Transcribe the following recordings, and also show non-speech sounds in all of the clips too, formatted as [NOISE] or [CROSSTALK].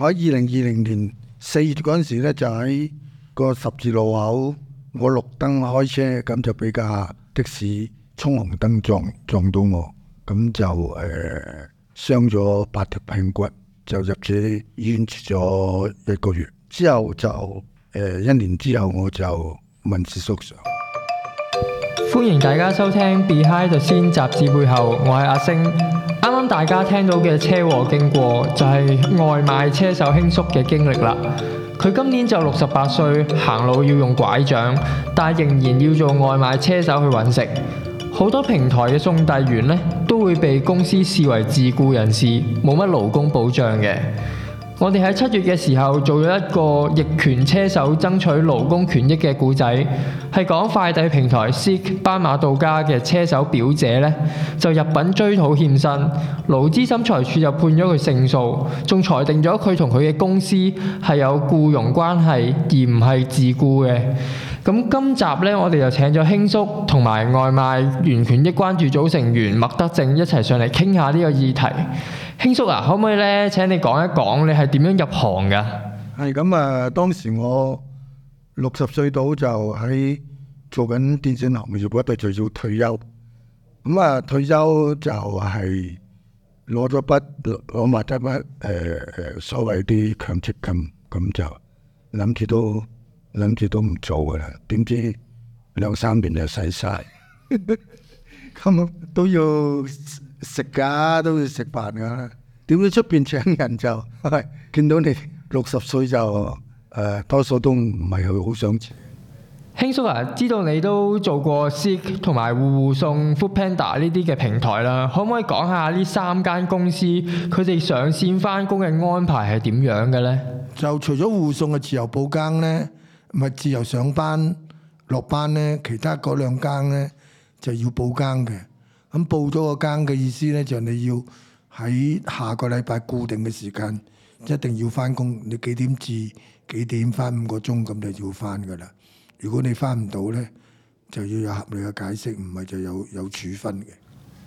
我喺二零二零年四月嗰陣時咧，就喺個十字路口，我綠燈開車，咁就俾架的士衝紅燈撞撞到我，咁就誒傷咗八條肋骨，就入咗醫院住咗一個月。之後就誒一年之後，我就民事訴訟。歡迎大家收聽《Behind the 先》集誌背後，我係阿升。大家聽到嘅車禍經過，就係外賣車手慶叔嘅經歷啦。佢今年就六十八歲，行路要用拐杖，但仍然要做外賣車手去揾食。好多平台嘅送遞員呢，都會被公司視為自僱人士，冇乜勞工保障嘅。我哋喺七月嘅時候做咗一個逆權車手爭取勞工權益嘅故仔，係講快遞平台 Zeek 斑馬到家嘅車手表姐呢，就入禀追討欠薪，勞資審裁處就判咗佢勝訴，仲裁定咗佢同佢嘅公司係有雇傭關係而唔係自雇嘅。咁今集呢，我哋就請咗慶叔同埋外賣員權益關注組成員麥德正一齊上嚟傾下呢個議題。慶叔啊，可唔可以咧請你講一講你係點樣入行嘅？係咁啊，當時我六十歲到就喺做緊電子行業，結果就要退休。咁啊，退休就係攞咗筆攞埋啲筆誒所謂啲強積金，咁就諗住都諗住都唔做噶啦。點知兩三年就使晒，咁都要。食噶都要食飯噶，點解出邊請人就見到你六十歲就誒多數都唔係好想請。慶叔啊，知道你都做過 Zeek 同埋戶戶送 Foodpanda 呢啲嘅平台啦，可唔可以講下呢三間公司佢哋上線翻工嘅安排係點樣嘅咧？就除咗戶戶送嘅自由補更咧，咪自由上班落班咧，其他嗰兩間咧就要補更嘅。咁報咗個更嘅意思呢，就係、你要喺下個禮拜固定嘅時間，一定要翻工。你幾點至幾點翻五個鐘咁，就要翻噶啦。如果你翻唔到呢，就要有合理嘅解釋，唔係就有有處分嘅。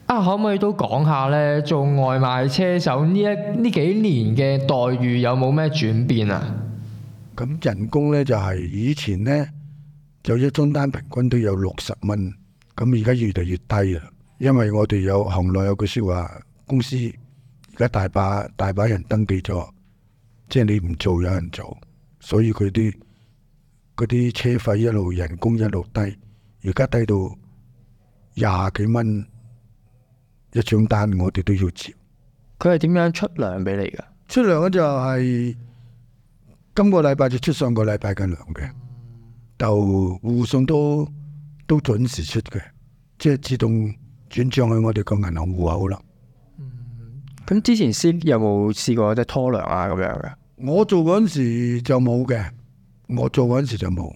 啊，可唔可以都講下呢？做外賣車手呢一呢幾年嘅待遇有冇咩轉變啊？咁、啊啊、人工呢，就係、係、以前呢，就一張單平均都有六十蚊，咁而家越嚟越低啦。因為我哋有行內有句說話，公司而家大把大把人登記咗，即係你唔做有人做，所以佢啲啲車費一路人工一路低，而家低到廿幾蚊一張單，我哋都要接。佢係點樣出糧俾你噶？出糧就係、是、今個禮拜就出上個禮拜嘅糧嘅，就護送都都準時出嘅，即係自動。轉賬去我哋個銀行戶口咯。嗯、咁之前先有冇試過即係拖糧啊咁樣嘅？我做嗰陣時就冇嘅，我做嗰陣時就冇。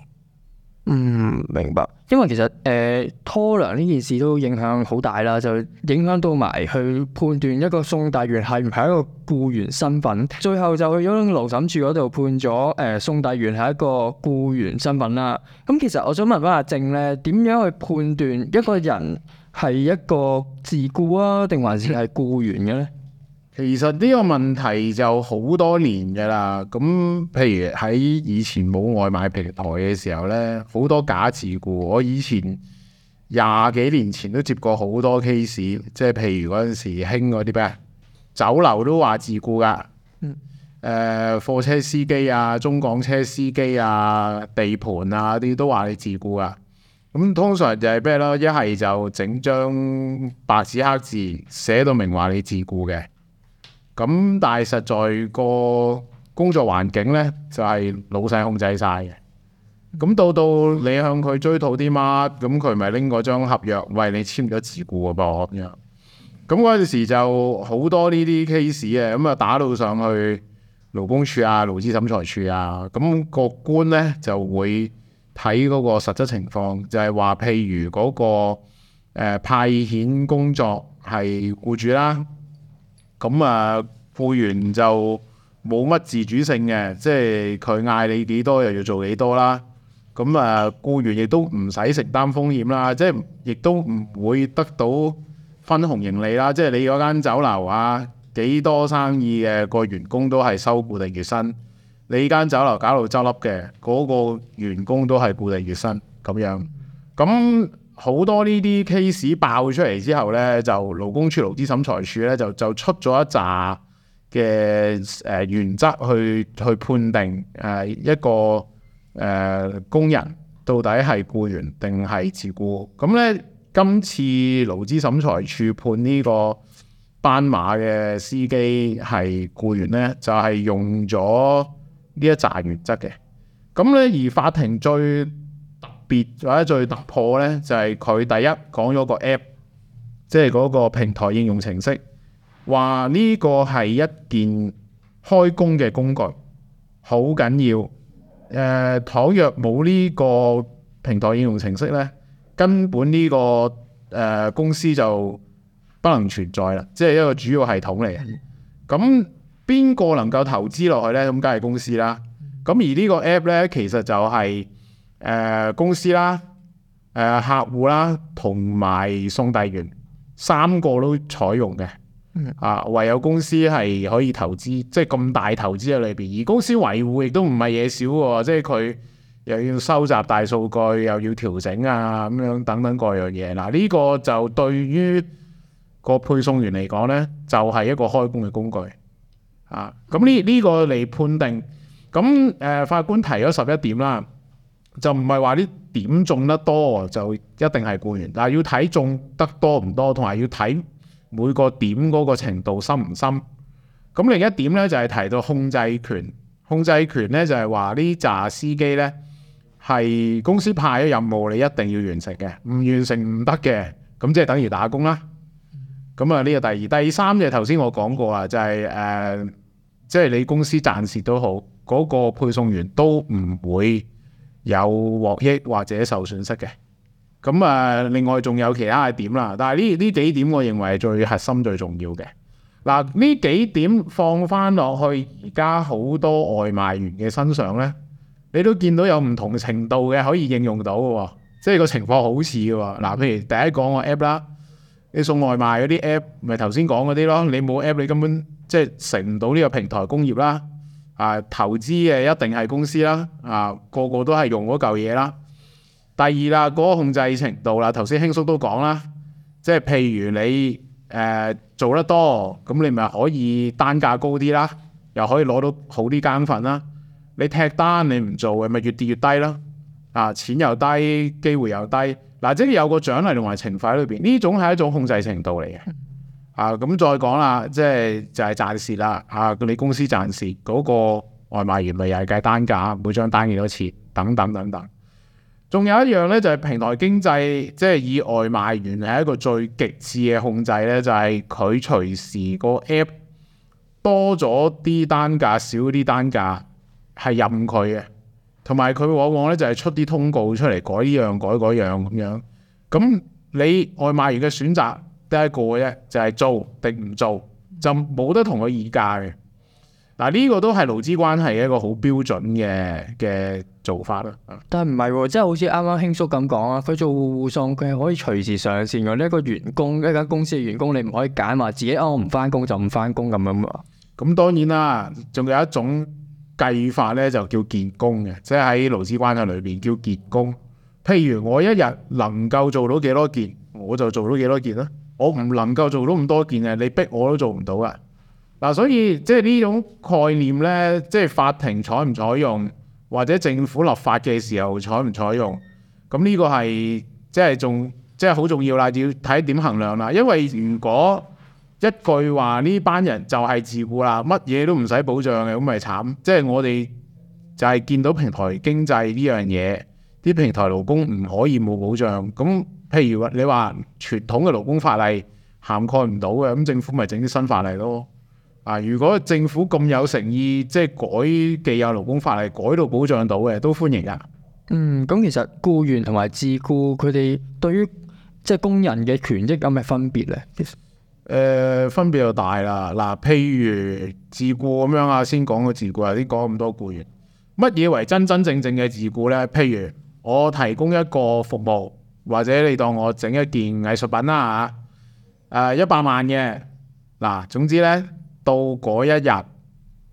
嗯，明白。因為其實誒、呃、拖糧呢件事都影響好大啦，就影響到埋去判斷一個送遞員係唔係一個僱員身份。最後就去咗勞審處嗰度判咗誒送遞員係一個僱員身份啦。咁、嗯、其實我想問翻阿正呢，點樣去判斷一個人？係一個自僱啊，定還是係僱員嘅呢？其實呢個問題就好多年噶啦。咁譬如喺以前冇外賣平台嘅時候呢，好多假自僱。我以前廿幾年前都接過好多 case，即係譬如嗰陣時興嗰啲咩，酒樓都話自僱噶，嗯，誒、呃，貨車司機啊，中港車司機啊，地盤啊呢啲都話你自僱啊。咁通常就係咩咯？一係就整張白紙黑字寫到明話你自僱嘅。咁但係實在個工作環境呢，就係老細控制晒嘅。咁到到你向佢追討啲乜，咁佢咪拎嗰張合約，喂，你簽咗自僱嘅噃。咁樣咁嗰陣時就好多呢啲 case 啊。咁啊打到上去勞工處啊、勞資審裁處啊。咁個官呢就會睇嗰個實質情況就係話，譬如嗰個誒派遣工作係雇主啦，咁啊雇員就冇乜自主性嘅，即係佢嗌你幾多又要做幾多啦，咁啊雇員亦都唔使承擔風險啦，即係亦都唔會得到分紅盈利啦，即係你嗰間酒樓啊幾多生意嘅個員工都係收固定月薪。你這間酒樓搞到執笠嘅嗰個員工都係固定月薪咁樣，咁好多呢啲 case 爆出嚟之後呢，就勞工處、勞資審裁處呢，就就出咗一紮嘅誒原則去去判定誒、呃、一個誒、呃、工人到底係雇員定係自雇。咁呢，今次勞資審裁處判呢個斑馬嘅司機係雇員呢，就係、是、用咗。呢一紮原則嘅，咁呢，而法庭最特別或者最突破呢，就係佢第一講咗個 App，即係嗰個平台應用程式，話呢個係一件開工嘅工具，好緊要。誒，倘若冇呢個平台應用程式呢，根本呢個誒公司就不能存在啦，即係一個主要系統嚟嘅。咁邊個能夠投資落去呢？咁梗係公司啦。咁而呢個 app 呢，其實就係、是呃、公司啦、呃、客戶啦同埋送遞員三個都採用嘅、嗯。啊，唯有公司係可以投資，即係咁大投資喺裏邊。而公司維護亦都唔係嘢少喎，即係佢又要收集大數據，又要調整啊咁樣等等各樣嘢。嗱、啊，呢、這個就對於個配送員嚟講呢，就係、是、一個開工嘅工具。啊，咁呢呢個嚟判定，咁、呃、法官提咗十一點啦，就唔係話啲點中得多就一定係僱員，但係要睇中得多唔多，同埋要睇每個點嗰個程度深唔深。咁另一點呢，就係、是、提到控制權，控制權呢，就係話呢揸司機呢，係公司派嘅任務，你一定要完成嘅，唔完成唔得嘅，咁即係等於打工啦。咁啊，呢個第二、第三就係頭先我講過啊，就係，呃，即係你公司暫時都好，嗰個配送員都唔會有獲益或者受損失嘅。咁啊、呃，另外仲有其他嘅點啦，但係呢呢幾點我認為係最核心最重要嘅。嗱，呢幾點放翻落去而家好多外賣員嘅身上呢，你都見到有唔同程度嘅可以應用到嘅，即係個情況好似嘅。嗱，譬如第一講個 App 啦。你送外賣嗰啲 app，咪頭先講嗰啲咯。你冇 app，你根本即係成唔到呢個平台工業啦。啊，投資嘅一定係公司啦。啊，個個都係用嗰嚿嘢啦。第二啦，個控制程度啦，頭先慶叔都講啦，即係譬如你誒做得多，咁你咪可以單價高啲啦，又可以攞到好啲更份啦。你踢單你唔做，咪越跌越低囉。啊，錢又低，機會又低。嗱，即係有個獎勵同埋懲罰喺裏邊，呢種係一種控制程度嚟嘅。啊，咁再講啦，即係就係賺錢啦。啊，你公司暫時嗰個外賣員咪又係計單價，每張單幾多錢，等等等等。仲有一樣呢，就係、是、平台經濟，即、就、係、是、以外賣員係一個最極致嘅控制呢就係、是、佢隨時個 App 多咗啲單價，少啲單價，係任佢嘅。同埋佢往往咧就係出啲通告出嚟改呢樣改嗰樣咁樣，咁你外賣員嘅選擇得一個嘅啫，就係做定唔做，就冇得同佢議價嘅。嗱呢個都係勞資關係一個好標準嘅嘅做法啦。但係唔係喎，即係好似啱啱慶叔咁講啊，佢做送佢係可以隨時上線嘅。你一個員工，一間公司嘅員工，你唔可以揀話自己哦，唔翻工就唔翻工咁樣嘛。咁當然啦，仲有一種計法咧就叫建工嘅，即係喺勞資關係裏邊叫建工。譬如我一日能夠做到幾多件，我就做到幾多件啦。我唔能夠做到咁多件嘅，你逼我都做唔到啊。嗱，所以即係呢種概念呢，即係法庭採唔採用，或者政府立法嘅時候採唔採用，咁呢個係即係仲即係好重要啦，要睇點衡量啦。因為如果一句話，呢班人就係自僱啦，乜嘢都唔使保障嘅，咁咪慘。即係我哋就係見到平台經濟呢樣嘢，啲平台勞工唔可以冇保障。咁譬如話你話傳統嘅勞工法例涵蓋唔到嘅，咁政府咪整啲新法例咯。啊，如果政府咁有誠意，即係改既有勞工法例改到保障到嘅，都歡迎啊。嗯，咁其實僱員同埋自僱佢哋對於即係工人嘅權益有咩分別呢？誒、呃、分別又大啦，嗱，譬如自僱咁樣啊，先講個自僱，啲講咁多僱員。乜嘢為真真正正嘅自僱呢？譬如我提供一個服務，或者你當我整一件藝術品啦一百、啊、萬嘅嗱，總之呢，到嗰一日，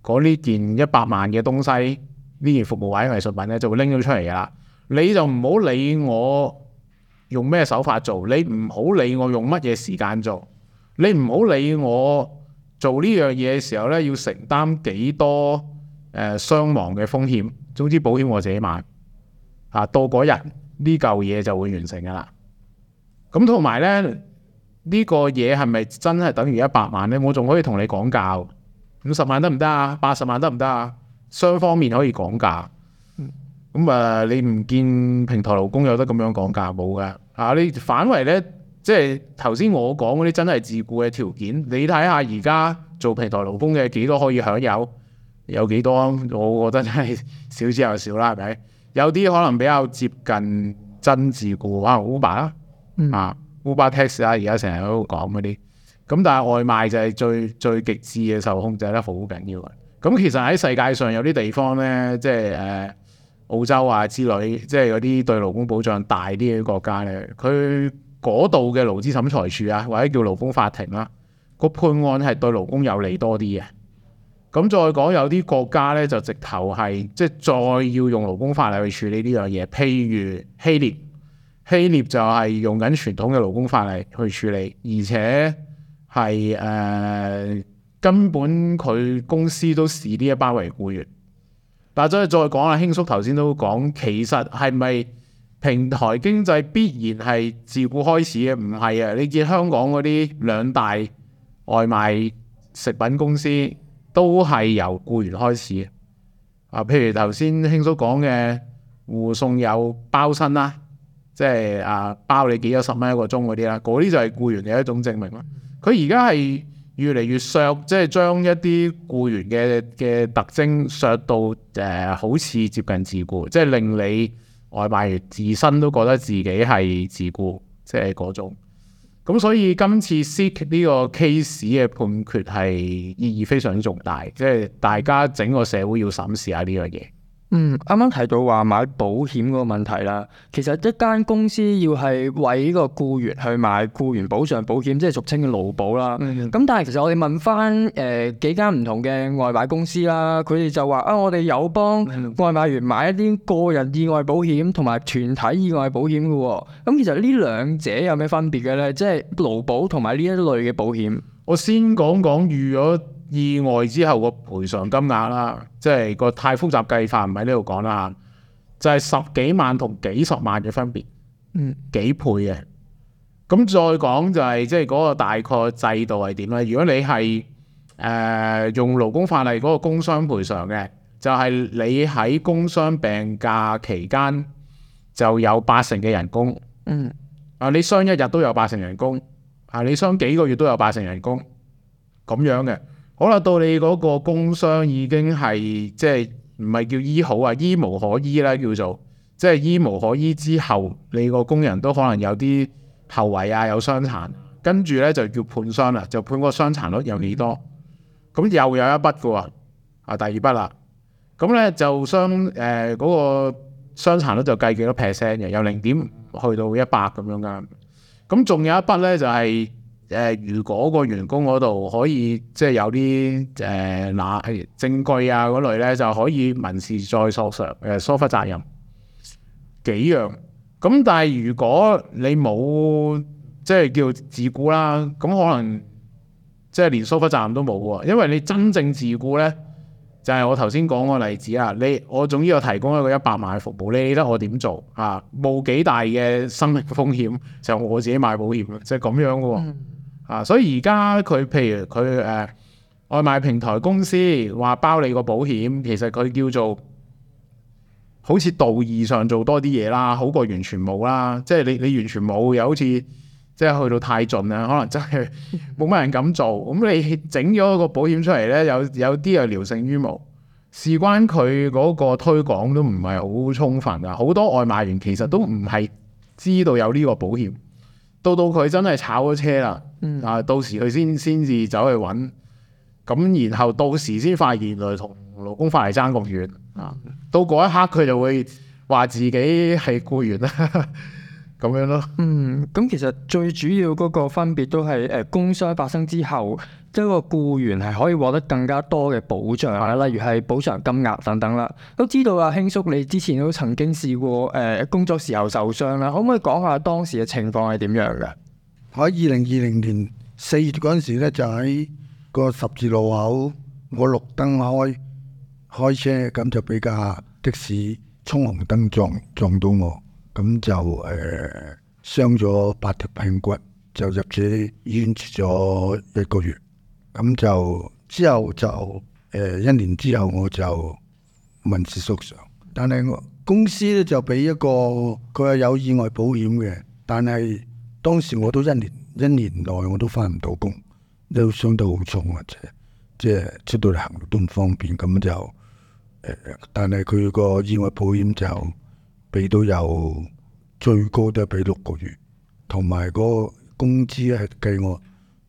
嗰呢件一百萬嘅東西，呢件服務或者藝術品呢，就會拎咗出嚟㗎啦。你就唔好理我用咩手法做，你唔好理我用乜嘢時間做。你唔好理我做呢樣嘢嘅時候呢要承擔幾多誒傷亡嘅風險。總之保險我自己買，啊到嗰日呢嚿嘢就會完成噶啦。咁同埋咧呢個嘢係咪真係等於一百萬呢？我仲可以同你講價，五十萬得唔得啊？八十萬得唔得啊？雙方面可以講價。咁啊，你唔見平台勞工有得咁樣講價冇噶？啊，你反為呢。即係頭先我講嗰啲真係自雇嘅條件，你睇下而家做平台勞工嘅幾多可以享有，有幾多？我覺得真係少之又少啦，係咪？有啲可能比較接近真自雇啊，Uber 啦、嗯，啊 UberTax 啦，而家成日喺度講嗰啲。咁但係外賣就係最最極致嘅受控制得好緊要嘅。咁其實喺世界上有啲地方呢，即係誒澳洲啊之類，即係嗰啲對勞工保障大啲嘅國家呢。佢。嗰度嘅勞資審裁處啊，或者叫勞工法庭啦，個判案係對勞工有利多啲嘅。咁再講，有啲國家呢，就直頭係即係再要用勞工法例去處理呢樣嘢。譬如希臘，希臘就係用緊傳統嘅勞工法例去處理，而且係誒、呃、根本佢公司都視呢一班為僱員。但係再再講啊，慶叔頭先都講，其實係咪？平台經濟必然係自雇開始嘅，唔係啊！你見香港嗰啲兩大外賣食品公司都係由雇員開始啊！譬如頭先慶叔講嘅，戶戶送有包薪啦，即係啊包你幾多十蚊一個鐘嗰啲啦，嗰啲就係雇員嘅一種證明啦。佢而家係越嚟越削，即係將一啲雇員嘅嘅特徵削到誒、啊，好似接近自雇，即係令你。外賣員自身都覺得自己係自僱，即係嗰種。咁所以今次 Zeek 呢個 case 嘅判決係意義非常之重大，即係大家整個社會要審視下呢樣嘢。嗯，啱啱提到話買保險個問題啦，其實一間公司要係為呢個雇員去買雇員補償保險，即係俗稱嘅勞保啦。咁、嗯、但係其實我哋問翻誒、呃、幾間唔同嘅外賣公司啦，佢哋就話啊，我哋有幫外賣員買一啲個人意外保險同埋團體意外保險噶。咁其實呢兩者有咩分別嘅呢？即係勞保同埋呢一類嘅保險，我先講講預咗。意外之後個賠償金額啦，即係個太複雜計法，唔喺呢度講啦。就係十幾萬同幾十萬嘅分別，嗯，幾倍嘅。咁再講就係即係嗰個大概制度係點咧？如果你係誒用勞工法例嗰個工傷賠償嘅，就係你喺工傷病假期間就有八成嘅人工，嗯，啊你傷一日都有八成人工，啊你傷幾個月都有八成人工咁樣嘅。好啦，到你嗰個工傷已經係即係唔係叫醫好啊，醫無可醫啦，叫做即係醫無可醫之後，你個工人都可能有啲後遺啊，有傷殘，跟住咧就叫判傷啦，就判個傷殘率有幾多，咁又有一筆嘅喎，啊第二筆啦，咁咧就傷，嗰、呃嗰個傷殘率就計幾多 percent 嘅，由零點去到一百咁樣噶，咁仲有一筆咧就係、係。呃，如果個員工嗰度可以即係有啲誒那證據啊嗰類咧，就可以民事再索償誒疏忽責任幾樣。咁但係如果你冇即係叫自僱啦，咁可能即係連疏忽責任都冇喎，因為你真正自僱咧。就係、是、我頭先講個例子啊。你我總之我提供一個一百萬嘅服務，你覺得我點做啊？冇幾大嘅生命風險，就我自己買保險啦，就係、是、咁樣嘅喎。啊、嗯，所以而家佢譬如佢誒外賣平台公司話包你個保險，其實佢叫做好似道義上做多啲嘢啦，好過完全冇啦。即係你你完全冇又好似。即係去到太盡啦，可能真係冇乜人敢做。咁你整咗個保險出嚟呢，有有啲係聊勝於無，事關佢嗰個推廣都唔係好充分㗎。好多外賣員其實都唔係知道有呢個保險，到到佢真係炒咗車啦，啊、嗯、到時佢先先至走去揾，咁然後到時先發現原來同勞工法嚟爭咁遠啊，到嗰一刻佢就會話自己係僱員啦。呵呵。咁樣咯，嗯，咁其實最主要嗰個分別都係誒工傷發生之後，即係一個僱員係可以獲得更加多嘅保障吓，例如係補償金額等等啦。都知道啊，慶叔你之前都曾經試過誒、呃、工作時候受傷啦，可唔可以講下當時嘅情況係點樣嘅？喺二零二零年四月嗰陣時咧，就喺個十字路口，我綠燈開開車，咁就俾架的士衝紅燈撞撞到我。咁就誒，傷咗八條頸骨，就入住醫院住咗一個月。咁就之後就，就、呃、誒，一年之後，我就民事訴上。但係我公司咧就俾一個佢係有意外保險嘅，但係當時我都一年一年內我都翻唔到工，都傷得好重，啊，或者即係出到嚟行都唔方便。咁就誒，呃，但係佢個意外保險就。俾到有最高都係俾六個月，同埋嗰個工資咧係計我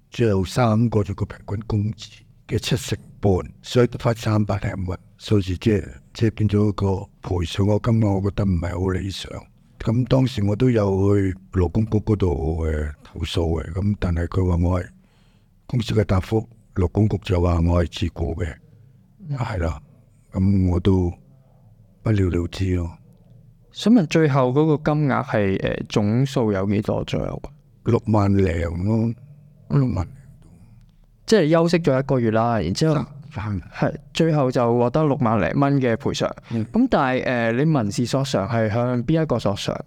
最後三個月個平均工資嘅七成半，所以得翻三百零蚊。所以即係即係變咗一個賠償嘅金額，我覺得唔係好理想。咁當時我都有去勞工局嗰度誒投訴嘅，咁但係佢話我係公司嘅答覆勞工局就話我係自僱嘅，係啦，咁我都不了了之咯。想問最後嗰個金額係誒總數有幾多左右？六萬零咯，六萬零，即、嗯、係、就是、休息咗一個月啦，然之後係最後就獲得六萬零蚊嘅賠償。咁、嗯、但係誒、呃、你民事索償係向邊一個索償？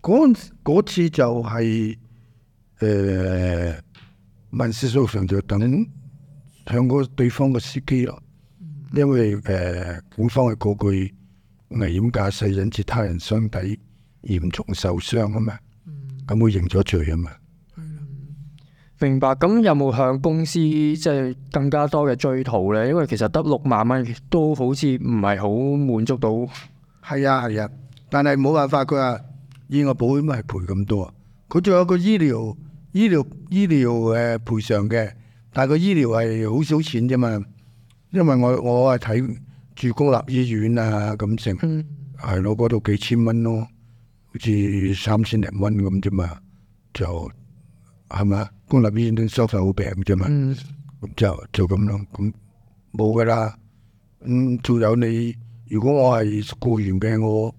嗰嗰次就係誒民事索償就等向嗰對方個司機咯，因為誒警、呃、方嘅告據。危險駕駛引致他人身體嚴重受傷啊嘛，咁、嗯、佢認咗罪啊嘛、嗯，明白？咁有冇向公司即係更加多嘅追討呢？因為其實得六萬蚊都好似唔係好滿足到。係啊係啊，但係冇辦法，佢話意外保險咪係賠咁多，佢仲有個醫療醫療醫療嘅賠償嘅，但係個醫療係好少錢啫嘛，因為我我係睇住公立醫院啊，咁剩，係、嗯、咯，嗰度幾千蚊咯，好似三千零蚊咁啫嘛，就係嘛，公立醫院都收費好平嘅啫嘛，咁、嗯、就就咁咯，咁冇噶啦，咁仲、嗯、有你，如果我係僱員嘅，我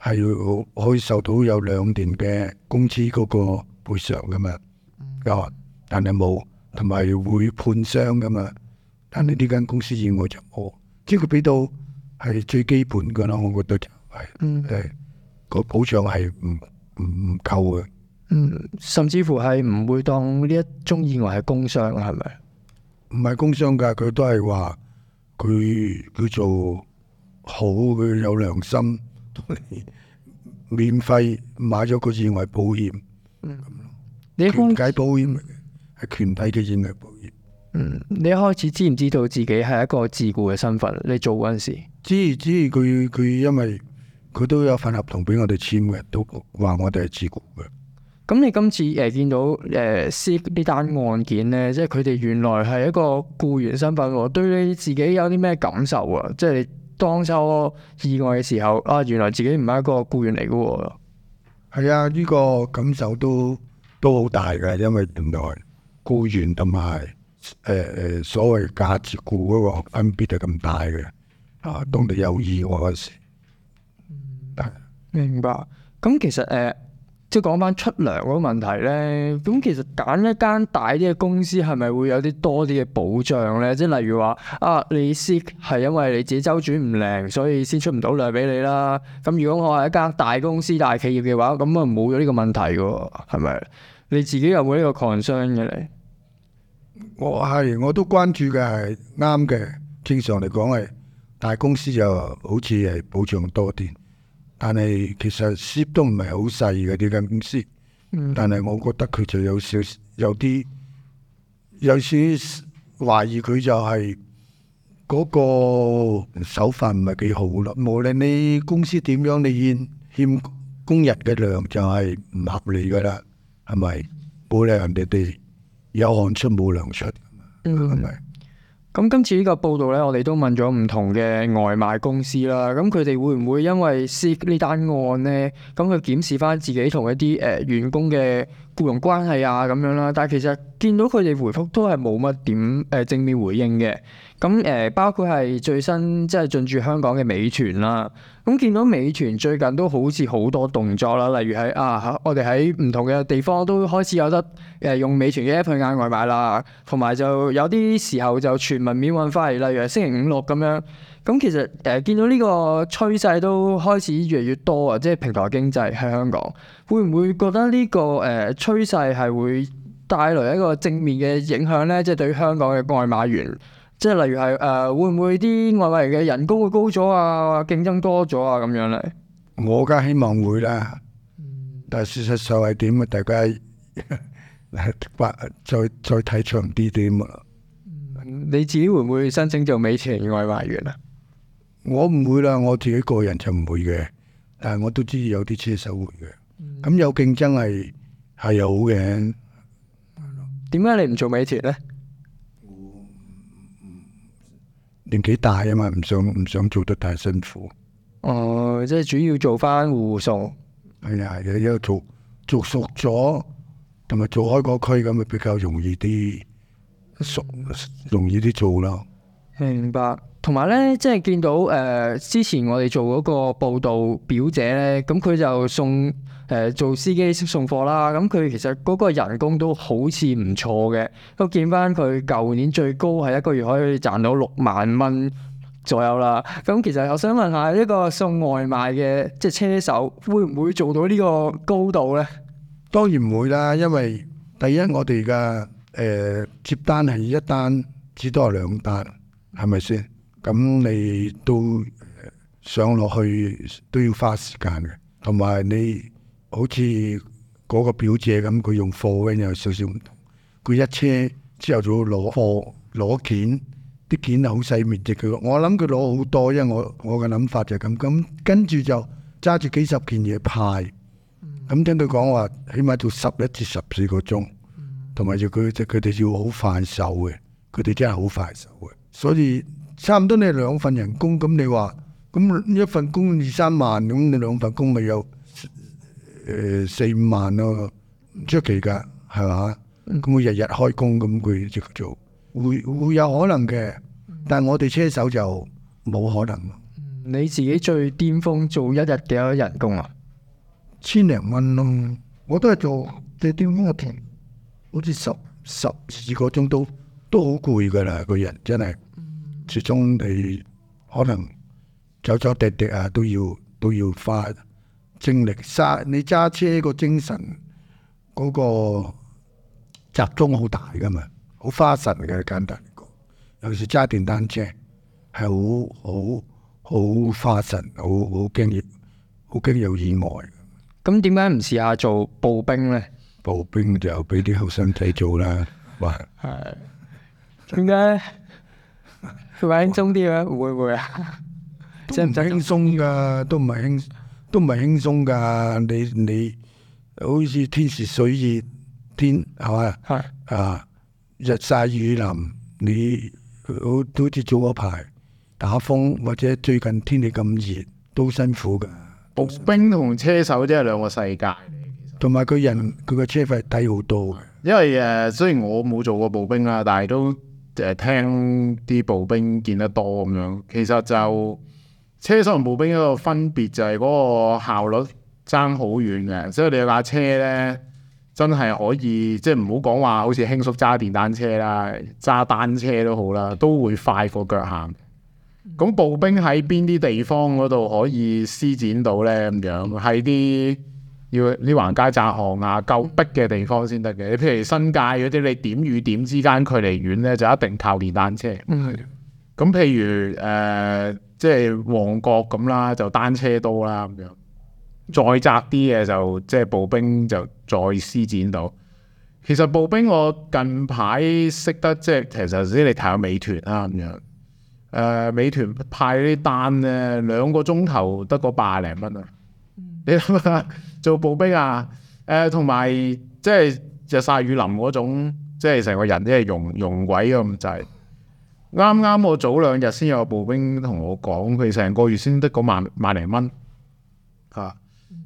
係可以受到有兩年嘅工資嗰個賠償噶嘛，啊、嗯，但係冇，同埋會判傷噶嘛，但係呢間公司以外就冇。即係佢俾到係最基本噶啦，我覺得係，誒、嗯、個保障係唔唔唔夠嘅，甚至乎係唔會當呢一宗意外係工傷，係咪？唔係工傷㗎，佢都係話佢叫做好，佢有良心，同 [LAUGHS] 你免費買咗個意外保險，咁、嗯、咯，全體保險嚟嘅，係全體嘅意外嗯，你一開始知唔知道自己係一個自僱嘅身份？你做嗰陣時，知知佢佢，因為佢都有份合同俾我哋簽嘅，都話我哋係自僱嘅。咁你今次誒、呃、見到誒呢、呃、單案件咧，即係佢哋原來係一個僱員身份，對你自己有啲咩感受啊？即係當初意外嘅時候，啊，原來自己唔係一個僱員嚟嘅。係啊，呢個感受都都好大嘅，因為原來僱員同埋。誒誒，所謂價值股嗰個分別就咁大嘅，啊，當你有意外嘅事，明白。咁其實誒，即係講翻出糧嗰個問題咧，咁其實揀一間大啲嘅公司，係咪會有啲多啲嘅保障咧？即係例如話啊，你先係因為你自己周轉唔靈，所以先出唔到糧俾你啦。咁如果我係一間大公司、大企業嘅話，咁啊冇咗呢個問題嘅，係咪？你自己有冇呢個 concern 嘅咧？我係我都關注嘅係啱嘅，正常嚟講係大公司就好似係保障多啲，但係其實蝕都唔係好細嘅呢間公司。但係我覺得佢就有少少有啲有少少懷疑，佢就係嗰個手法唔係幾好咯。無論你公司點樣，你欠欠工人嘅糧就係唔合理噶啦，係咪？冇令人哋哋。有汗出冇糧出，咁、嗯、咪。咁、嗯、今次呢個報導呢，我哋都問咗唔同嘅外賣公司啦。咁佢哋會唔會因為涉及呢單案呢？咁佢檢視翻自己同一啲誒員工嘅？僱傭關係啊咁樣啦，但係其實見到佢哋回覆都係冇乜點誒正面回應嘅。咁誒包括係最新即係、就是、進駐香港嘅美團啦。咁見到美團最近都好似好多動作啦，例如喺啊我哋喺唔同嘅地方都開始有得誒用美團嘅 app 去嗌外賣啦，同埋就有啲時候就全民免運嚟，例如星期五六咁樣。咁其實誒、呃、見到呢個趨勢都開始越嚟越多啊，即係平台經濟喺香港，會唔會覺得呢、這個誒、呃、趨勢係會帶來一個正面嘅影響呢？即係對香港嘅外賣員，即係例如係誒、呃、會唔會啲外賣員嘅人工會高咗啊，競爭多咗啊咁樣呢？我梗係希望會啦，嗯、但係事實上係點啊？大家 [LAUGHS] 再再睇長啲點啊！你自己會唔會申請做美團外賣員啊？我唔會啦，我自己個人就唔會嘅，但係我都知有啲車手會嘅。咁有競爭係係有嘅。點解你唔做美團咧？年紀大啊嘛，唔想唔想做得太辛苦。哦，即係主要做翻護送。係啊，係啊，因為做做熟咗，同埋做開嗰區咁咪比較容易啲熟，容易啲做咯。明白，同埋咧，即係見到誒、呃，之前我哋做嗰個報道表姐咧，咁佢就送誒、呃、做司機送貨啦。咁佢其實嗰個人工都好似唔錯嘅。都見翻佢舊年最高係一個月可以賺到六萬蚊左右啦。咁其實我想問下一個送外賣嘅，即係車手，會唔會做到呢個高度呢？當然唔會啦，因為第一我哋嘅誒接單係一單至多兩單。係咪先？咁你都上落去都要花時間嘅，同埋你好似嗰個表姐咁，佢用貨嘅有少少唔同。佢一車之後就攞貨攞件，啲件係好細面積嘅。我諗佢攞好多，因為我我嘅諗法就係咁。咁跟住就揸住幾十件嘢派。咁聽佢講話，起碼做十一至十四個鐘，同埋就佢佢哋要好快手嘅，佢哋真係好快手嘅。所以差唔多你兩份人工，咁你話咁一份工二三萬，咁你兩份工咪有誒四,四五萬咯，出奇噶係嘛？咁佢日日開工，咁佢做做會會有可能嘅，但係我哋車手就冇可能。你自己最巔峰做一日幾多人工啊？千零蚊咯，我都係做最巔峰嘅停，好似十十二個鐘都都好攰噶啦，個人真係。始終你可能走走滴滴啊，都要都要花精力揸你揸車，個精神嗰個集中好大噶嘛，好花神嘅，簡單嚟講，尤其是揸電單車係好好好花神，好好驚熱，好驚有意外。咁點解唔試下做步兵咧？步兵就俾啲後生仔做啦，係應該。點解？會輕鬆啲咩？會唔會啊？真唔輕鬆噶，都唔係輕，都唔係輕鬆噶。你你，好似天時水熱天，係嘛？係啊，日曬雨淋，你好都似做早排打風，或者最近天氣咁熱，都辛苦噶。步兵同車手真係兩個世界，其實同埋佢人，佢個車費低好多。因為誒，雖然我冇做過步兵啦，但係都。就係聽啲步兵見得多咁樣，其實就車手同步兵一個分別就係嗰個效率爭好遠嘅，所以你架車咧真係可以，即係唔好講話好似慶叔揸電單車啦，揸單車都好啦，都會快過腳行。咁步兵喺邊啲地方嗰度可以施展到咧咁樣？喺啲。要呢橫街窄巷啊、夠逼嘅地方先得嘅。你譬如新界嗰啲，你點與點之間距離遠咧，就一定靠電單車。咁、嗯、譬如誒、呃，即係旺角咁啦，就單車多啦咁樣。再窄啲嘅就即係步兵就再施展到。其實步兵我近排識得，即係其實頭先你睇下美團啦咁樣。誒、呃，美團派啲單咧，兩個鐘頭得個百零蚊啊！你諗下做步兵啊？誒、呃，同埋即係日晒雨淋嗰種，即係成個人即係融融鬼咁滯。啱啱我早兩日先有個步兵同我講，佢成個月先得個萬萬零蚊啊！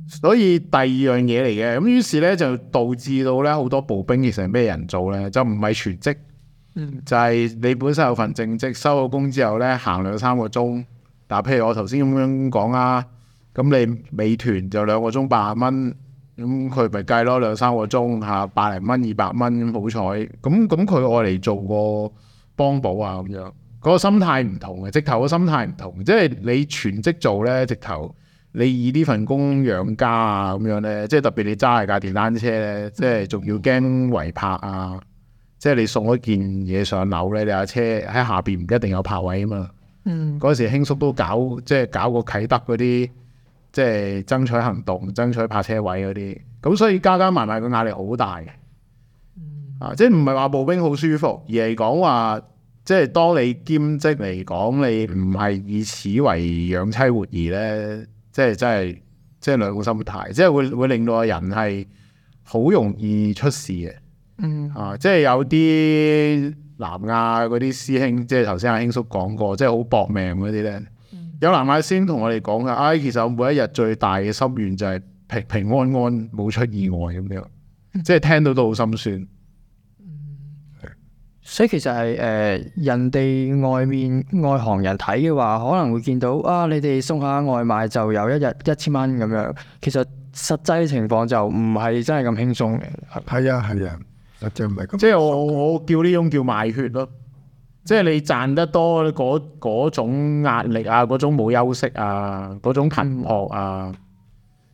所以第二樣嘢嚟嘅，咁於是咧就導致到咧好多步兵其實係咩人做咧？就唔係全職，嗯、就係、是、你本身有份正職，收咗工之後咧行兩三個鐘。嗱，譬如我頭先咁樣講啊。咁你美團就兩個鐘八十蚊，咁佢咪計咯兩三個鐘嚇，百零蚊二百蚊咁好彩。咁咁佢愛嚟做個幫補啊咁樣，嗰、那個心態唔同嘅，直頭個心態唔同。即係你全職做呢，直頭你以呢份工養家啊咁樣呢，即係特別你揸架電單車呢，即係仲要驚違泊啊。即係你送一件嘢上樓呢，你架車喺下邊唔一定有泊位啊嘛。嗯。嗰時慶叔都搞即係搞個啟德嗰啲。即係爭取行動、爭取泊車位嗰啲，咁所以加加埋埋個壓力好大嘅、嗯。啊，即係唔係話步兵好舒服，而係講話即係當你兼職嚟講，你唔係以此為養妻活兒咧、嗯，即係真係即係兩個心態，即係會會令到個人係好容易出事嘅。嗯啊，即係有啲南亞嗰啲師兄，即係頭先阿英叔講過，即係好搏命嗰啲咧。有南亞先同我哋講嘅，哎、啊，其實我每一日最大嘅心願就係平平安安冇出意外咁樣，即係聽到都好心酸。 [LAUGHS] 所以其實係誒、呃，人哋外面外行人睇嘅話，可能會見到啊，你哋送下外賣就有一日一千蚊咁樣。其實實際情況就唔係真係咁輕鬆嘅。係啊係啊，即係唔係咁。即係我我叫呢種叫賣血咯。即係你賺得多嗰，嗰種壓力啊，嗰種冇休息啊，嗰種壓迫啊，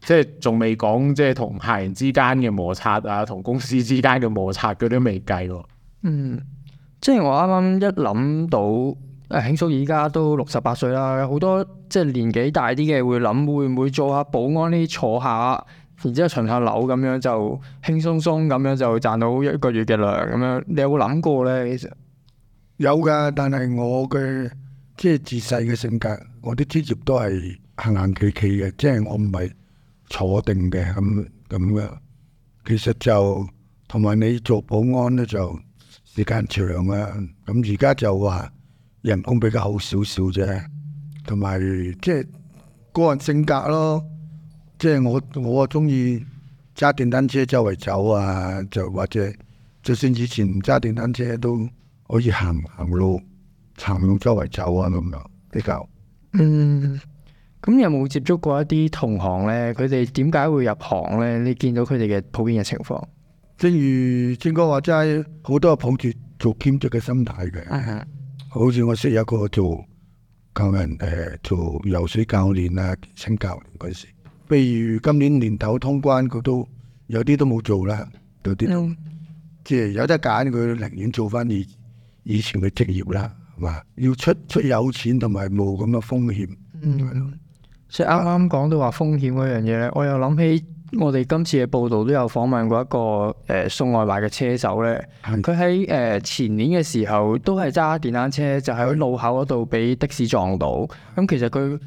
即係仲未講，即係同客人之間嘅摩擦啊，同公司之間嘅摩擦佢都未計喎。嗯，即係我啱啱一諗到，誒、哎，慶叔而家都六十八歲啦，好多即係年紀大啲嘅會諗會唔會做下保安呢？坐下，然之後巡下樓咁樣，就輕鬆鬆咁樣就賺到一個月嘅糧咁樣。你有冇諗過咧？其實？有噶，但係我嘅即係自細嘅性格，我啲職業都係行行企企嘅，即係我唔係坐定嘅咁咁嘅。其實就同埋你做保安咧，就時間長啊。咁而家就話人工比較好少少啫，同埋即係個人性格咯。即係我我啊中意揸電單車周圍走啊，就或者就算以前唔揸電單車都。可以行行路，行路周圍走啊咁樣，比較。嗯，咁有冇接觸過一啲同行咧？佢哋點解會入行咧？你見到佢哋嘅普遍嘅情況？正如正哥話齋，好多係抱住做兼職嘅心態嘅。啊哈！好似我識有個做教人誒，做游水教練啊、健身教練嗰陣時。譬如今年年頭通關，佢都有啲都冇做啦，有啲即係有得揀，佢寧願做翻二。以前嘅職業啦，要出出有錢同埋冇咁嘅風險，嗯，係啱啱講到話風險嗰樣嘢咧，我又諗起我哋今次嘅報道都有訪問過一個誒送外賣嘅車手呢。佢喺誒前年嘅時候都係揸電單車，就喺、是、路口嗰度被的士撞到。咁、嗯、其實佢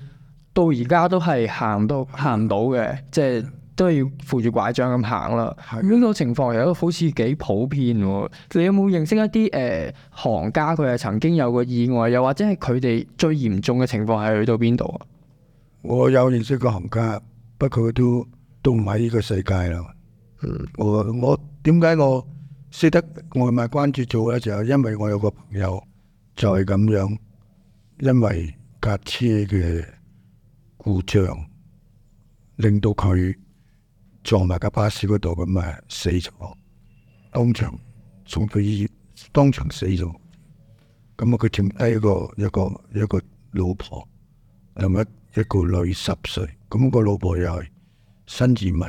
到而家都係行到行唔到嘅，即係。都要扶住拐杖咁行啦，如果個情況又好似幾普遍喎。你有冇認識一啲誒、呃、行家？佢係曾經有過意外，又或者係佢哋最嚴重嘅情況係去到邊度啊？我有認識個行家，不過佢都都唔喺呢個世界啦。我我點解我識得外賣關注組呢？就係、因為我有個朋友就係咁樣、嗯，因為架車嘅故障令到佢。撞埋架巴士嗰度咁啊死咗，當場送去醫院，當場死咗。咁啊佢剩低個一個一個，一個老婆，同埋一個女十歲。咁個老婆又係新移民，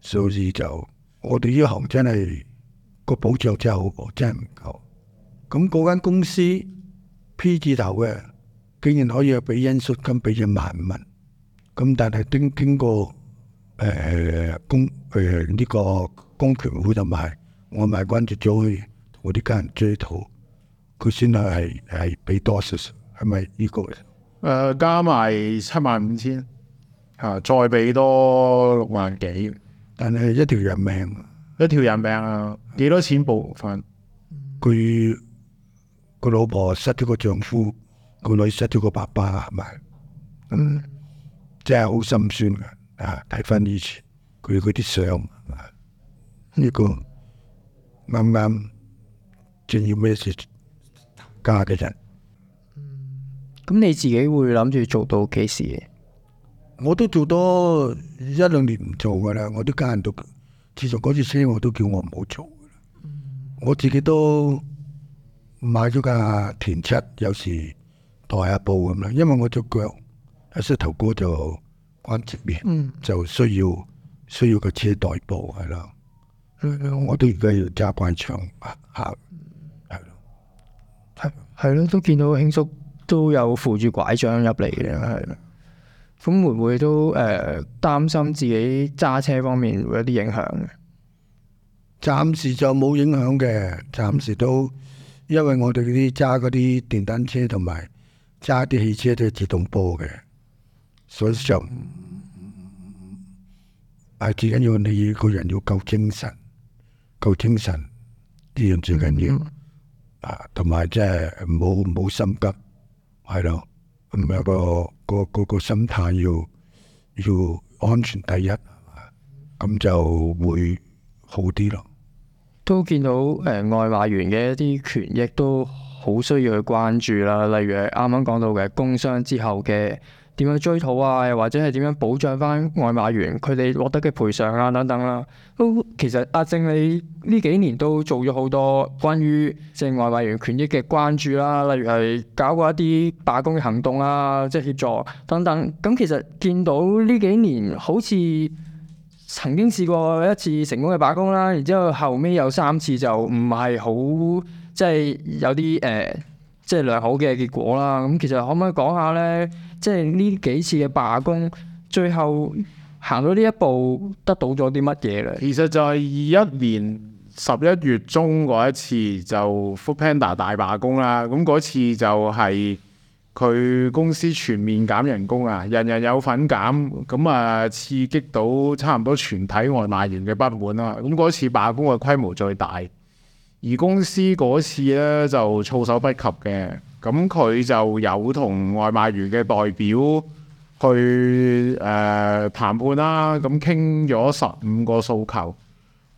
所以就我哋呢行真係個保障真係好薄，真係唔夠。咁嗰間公司 P 字頭嘅，竟然可以俾恩恤金俾人萬蚊，咁但係經經過。誒公誒呢個公權會就買，我買關注咗去，我啲家人追討，佢先係係俾多少？係咪呢個？誒、呃、加埋七萬五千，嚇、啊、再俾多六萬幾？但係一條人命，一條人命啊！幾多錢部分？佢佢老婆失咗個丈夫，個女失咗個爸爸，係咪？嗯，真係好心酸嘅。啊！睇翻以前佢嗰啲相，呢、這個啱啱，仲要咩事？家嘅人，咁、嗯、你自己會諗住做到幾時？我都做多一兩年唔做噶啦，我都加人到，自從嗰次車，我都叫我唔好做、嗯。我自己都買咗架田七，有時抬下步咁啦，因為我隻腳喺膝頭哥就。安直面就需要、嗯、需要個車代步係咯、嗯，我都而家要揸拐杖啊，係咯，係係咯，都見到慶叔都有扶住拐杖入嚟嘅，係啦。咁會唔會都誒擔、呃、心自己揸車方面會有啲影響嘅？暫時就冇影響嘅，暫時都因為我哋啲揸嗰啲電單車同埋揸啲汽車都係自動波嘅。所以就，係至緊要你個人，要夠精神，夠精神，呢樣最緊要啊！同埋即係唔好心急，係、嗯、咯，唔係、個個、個個、個心態要要安全第一，咁就會好啲咯。都見到誒外賣員嘅一啲權益都好需要去關注啦，例如啱啱講到嘅工傷之後嘅。點樣追討啊？又或者係點樣保障返外賣員佢哋獲得嘅賠償啊？等等啦，都其實阿正你呢幾年都做咗好多關於即係外賣員權益嘅關注啦，例如係搞過一啲罷工嘅行動啦，即係協助等等。咁其實見到呢幾年好似曾經試過一次成功嘅罷工啦，然之後後尾有三次就唔係好即係有啲誒、呃、即係良好嘅結果啦。咁其實可唔可以講下咧？即係呢幾次嘅罷工，最後行到呢一步，得到咗啲乜嘢咧？其實就係二一年十一月中嗰一次就 Foodpanda 大罷工啦。咁嗰次就係佢公司全面減人工啊，人人有份減。咁啊，刺激到差唔多全體外賣員嘅不滿啦。咁嗰次罷工嘅規模最大，而公司嗰次咧就措手不及嘅。咁佢就有同外賣員嘅代表去誒、呃、談判啦，咁傾咗十五個訴求，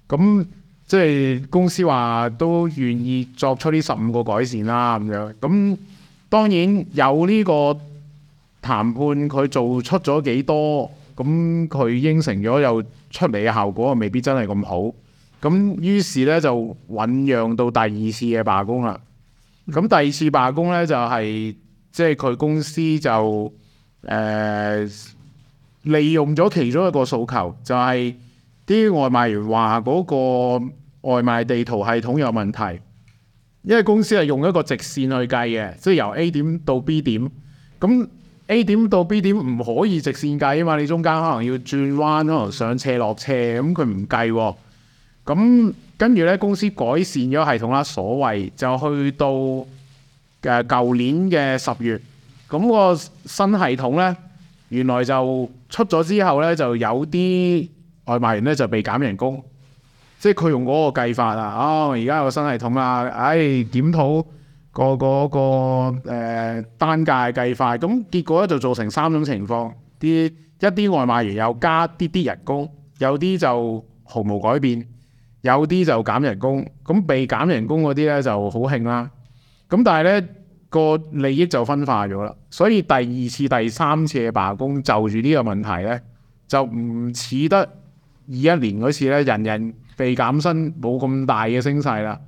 咁即係公司話都願意作出呢十五個改善啦，咁樣。咁當然有呢個談判，佢做出咗幾多，咁佢應承咗又出嚟嘅效果未必真係咁好。咁於是呢，就醞釀到第二次嘅罷工啦。咁第二次罷工呢，就係即係佢公司就誒、呃、利用咗其中一個訴求，就係、是、啲外賣員話嗰個外賣地圖系統有問題，因為公司係用一個直線去計嘅，即、就、係、是、由 A 點到 B 點，咁 A 點到 B 點唔可以直線計啊嘛，你中間可能要轉彎，可能上斜落斜，咁佢唔計喎，咁。跟住呢，公司改善咗系統啦，所謂就去到誒舊年嘅十月，咁個新系統呢，原來就出咗之後呢，就有啲外賣員呢就被減人工，即係佢用嗰個計法啊，哦，而家有個新系統啦，唉檢討個個個誒、呃、單價嘅計法，咁結果咧就造成三種情況，啲一啲外賣員又加啲啲人工，有啲就毫無改變。有啲就減人工，咁被減人工嗰啲呢就好興啦。咁但係呢個利益就分化咗啦。所以第二次、第三次嘅罷工就住呢個問題呢，就唔似得二一年嗰次呢，人人被減薪，冇咁大嘅聲勢啦。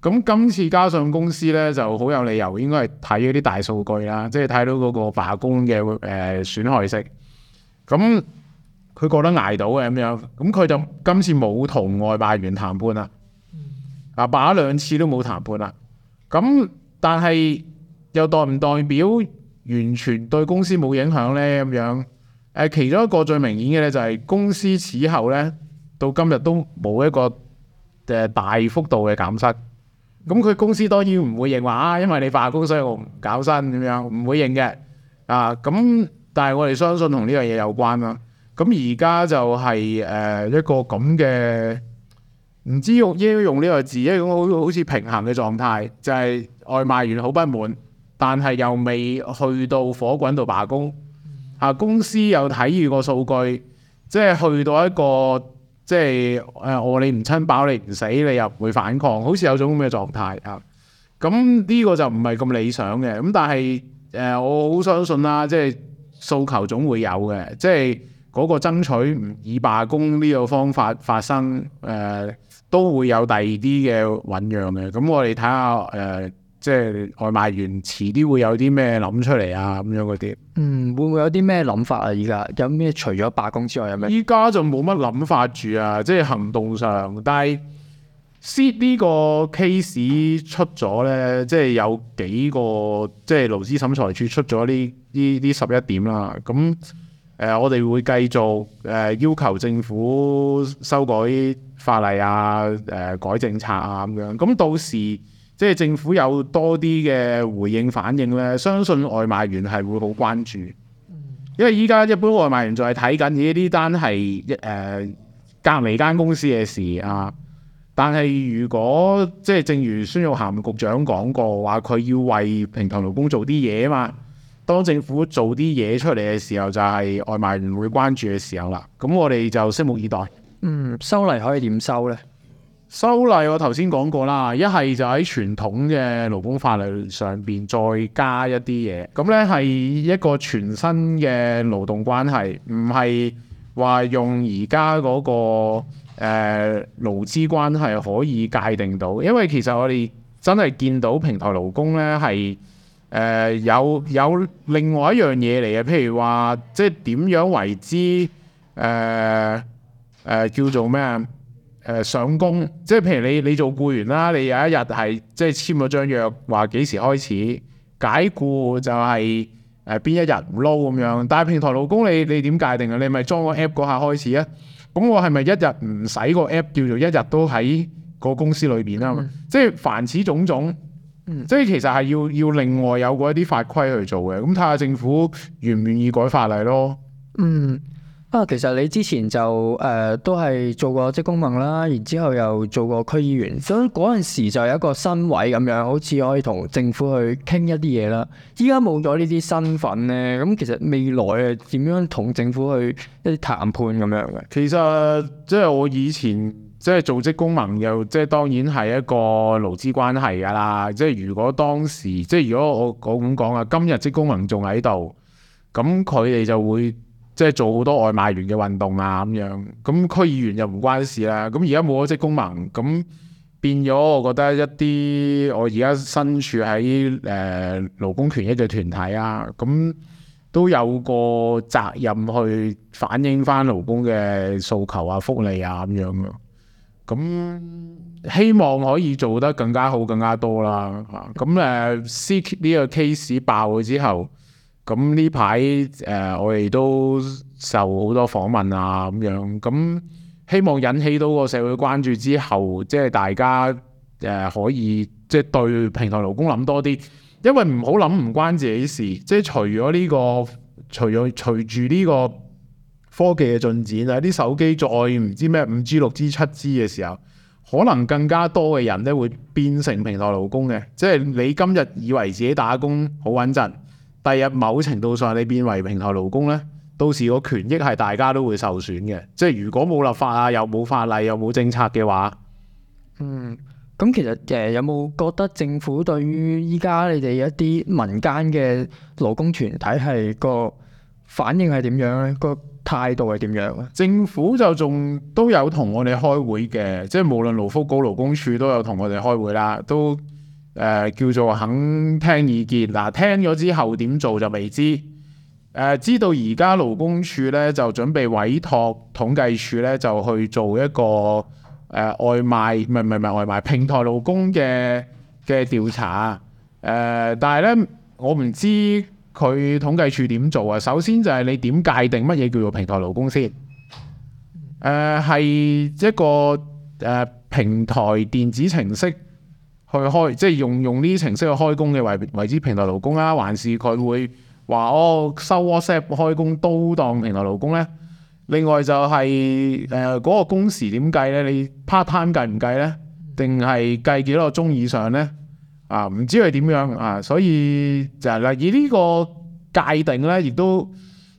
咁今次加上公司呢就好有理由，應該係睇嗰啲大數據啦，即係睇到嗰個罷工嘅誒、呃、損害性。咁佢覺得捱到嘅咁樣，咁佢就今次冇同外賣員談判啦，啊、嗯，罷咗兩次都冇談判啦。咁但係又代唔代表完全對公司冇影響呢？咁樣其中一個最明顯嘅咧就係公司此後呢，到今日都冇一個、呃、大幅度嘅減薪。咁佢公司當然唔會認話啊，因為你罷工，所以我唔攪薪咁樣，唔會認嘅。啊，咁但係我哋相信同呢樣嘢有關啦。咁而家就係誒一個咁嘅，唔知用應唔用呢個字，一種好好似平衡嘅狀態，就係外賣員好不滿，但係又未去到火滾度罷工，啊，公司又睇住個數據，即係去到一個即係誒餓你唔親飽你唔死，你又唔會反抗，好似有種咁嘅狀態啊。咁呢個就唔係咁理想嘅，咁但係誒我好相信啦，即係訴求總會有嘅，即係。嗰、那個爭取唔以罷工呢個方法發生，誒、呃、都會有第二啲嘅醖釀嘅。咁我哋睇下，誒即係外賣員遲啲會有啲咩諗出嚟啊？咁樣嗰啲，嗯，會唔會有啲咩諗法啊？而家有咩除咗罷工之外，有咩？依家就冇乜諗法住啊！即、就、係、是、行動上，但係呢個 case 出咗呢，即、就、係、是、有幾個，即係勞資審裁處出咗呢呢呢十一點啦，咁。誒、呃，我哋會繼續誒、呃、要求政府修改法例啊，誒、呃、改政策啊咁樣。咁到時即係政府有多啲嘅回應反應呢？相信外賣員係會好關注。因為依家一般外賣員就係睇緊嘢，呢單係一隔離間公司嘅事啊。但係如果即係正如孫玉菡局長講過話，話佢要為平台勞工做啲嘢啊嘛。當政府做啲嘢出嚟嘅時候，就係、是、外賣員會關注嘅時候啦。咁我哋就拭目以待。嗯，修例可以點修呢？修例我頭先講過啦，一係就喺傳統嘅勞工法例上邊再加一啲嘢。咁呢係一個全新嘅勞動關係，唔係話用而家嗰個誒勞資關係可以界定到。因為其實我哋真係見到平台勞工呢係。誒、呃、有有另外一樣嘢嚟嘅，譬如話即係點樣為之誒誒、呃呃、叫做咩啊？誒、呃、上工，即係譬如你你做僱員啦，你有一日係即係簽咗張約，話幾時開始解僱就係誒邊一日唔撈咁樣。但係平台勞工你你點界定啊？你咪裝個 app 嗰下開始啊？咁我係咪一日唔使個 app 叫做一日都喺個公司裏邊啦？嘛，即係凡此種種。嗯，所以其實係要要另外有嗰一啲法規去做嘅，咁睇下政府願唔願意改法例咯。嗯，啊，其實你之前就誒、呃、都係做過職工盟啦，然之後又做過區議員，所以嗰時就有一個身位咁樣，好似可以同政府去傾一啲嘢啦。依家冇咗呢啲身份呢，咁其實未來嘅點樣同政府去一啲談判咁樣嘅？其實即係我以前。即係做職工盟又即係當然係一個勞資關係㗎啦。即係如果當時即係如果我我咁講啊，今日職工盟仲喺度，咁佢哋就會即係做好多外賣員嘅運動啊咁樣。咁區議員又唔關事啦。咁而家冇咗職工盟，咁變咗我覺得一啲我而家身處喺誒、呃、勞工權益嘅團體啊，咁都有個責任去反映翻勞工嘅訴求啊、福利啊咁樣。咁希望可以做得更加好，更加多啦吓。咁誒 Zeek 呢個 case 爆咗之後，咁呢排誒我哋都受好多訪問啊咁樣。咁希望引起到個社會關注之後，即係大家誒可以即係對平台勞工諗多啲，因為唔好諗唔關自己事。即係除咗呢個除咗隨住呢個。科技嘅進展啊，啲手機再唔知咩五 G 六 G 七 G 嘅時候，可能更加多嘅人咧會變成平台勞工嘅。即係你今日以為自己打工好穩陣，第日某程度上你變為平台勞工咧，到時個權益係大家都會受損嘅。即係如果冇立法啊，又冇法例，又冇政策嘅話，嗯，咁其實誒有冇覺得政府對於依家你哋一啲民間嘅勞工團體係個反應係點樣咧？個態度係點樣？政府就仲都有同我哋開會嘅，即係無論勞福局、勞工處都有同我哋開會啦，都誒、呃、叫做肯聽意見。嗱，聽咗之後點做就未知。呃、知道而家勞工處呢，就準備委託統計處呢，就去做一個誒、呃、外賣，唔係唔係外賣平台勞工嘅嘅調查。誒、呃，但係呢，我唔知。佢統計處點做啊？首先就係你點界定乜嘢叫做平台勞工先？係、呃、一個、呃、平台電子程式去開，即係用用呢啲程式去開工嘅為為之平台勞工啦，還是佢會話我、哦、收 WhatsApp 開工都當平台勞工呢？另外就係、呃、嗰個工時點計呢？你 part time 計唔計呢？定係計幾多個鐘以上呢？啊，唔知佢點樣啊，所以就係啦，以呢個界定呢，亦都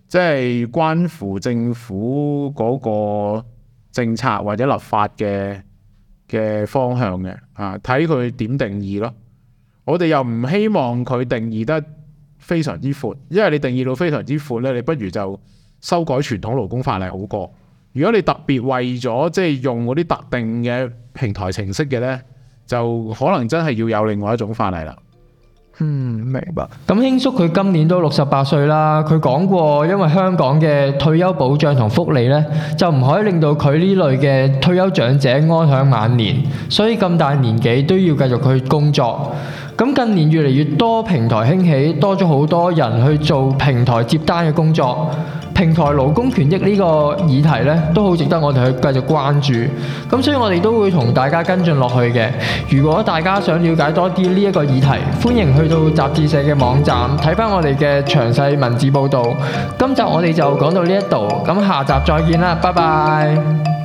即係關乎政府嗰個政策或者立法嘅嘅方向嘅啊，睇佢點定義咯。我哋又唔希望佢定義得非常之闊，因為你定義到非常之闊呢，你不如就修改傳統勞工法例好過。如果你特別為咗即係用嗰啲特定嘅平台程式嘅呢。就可能真係要有另外一種法例啦。嗯，明白。咁，慶叔佢今年都六十八歲啦。佢講過，因為香港嘅退休保障同福利呢，就唔可以令到佢呢類嘅退休長者安享晚年，所以咁大年紀都要繼續去工作。咁近年越嚟越多平台興起，多咗好多人去做平台接單嘅工作。平台勞工權益呢個議題呢，都好值得我哋去繼續關注。咁所以我哋都會同大家跟進落去嘅。如果大家想了解多啲呢一個議題，歡迎去到雜誌社嘅網站睇返我哋嘅詳細文字報導。今集我哋就講到呢一度，咁下集再見啦，拜拜。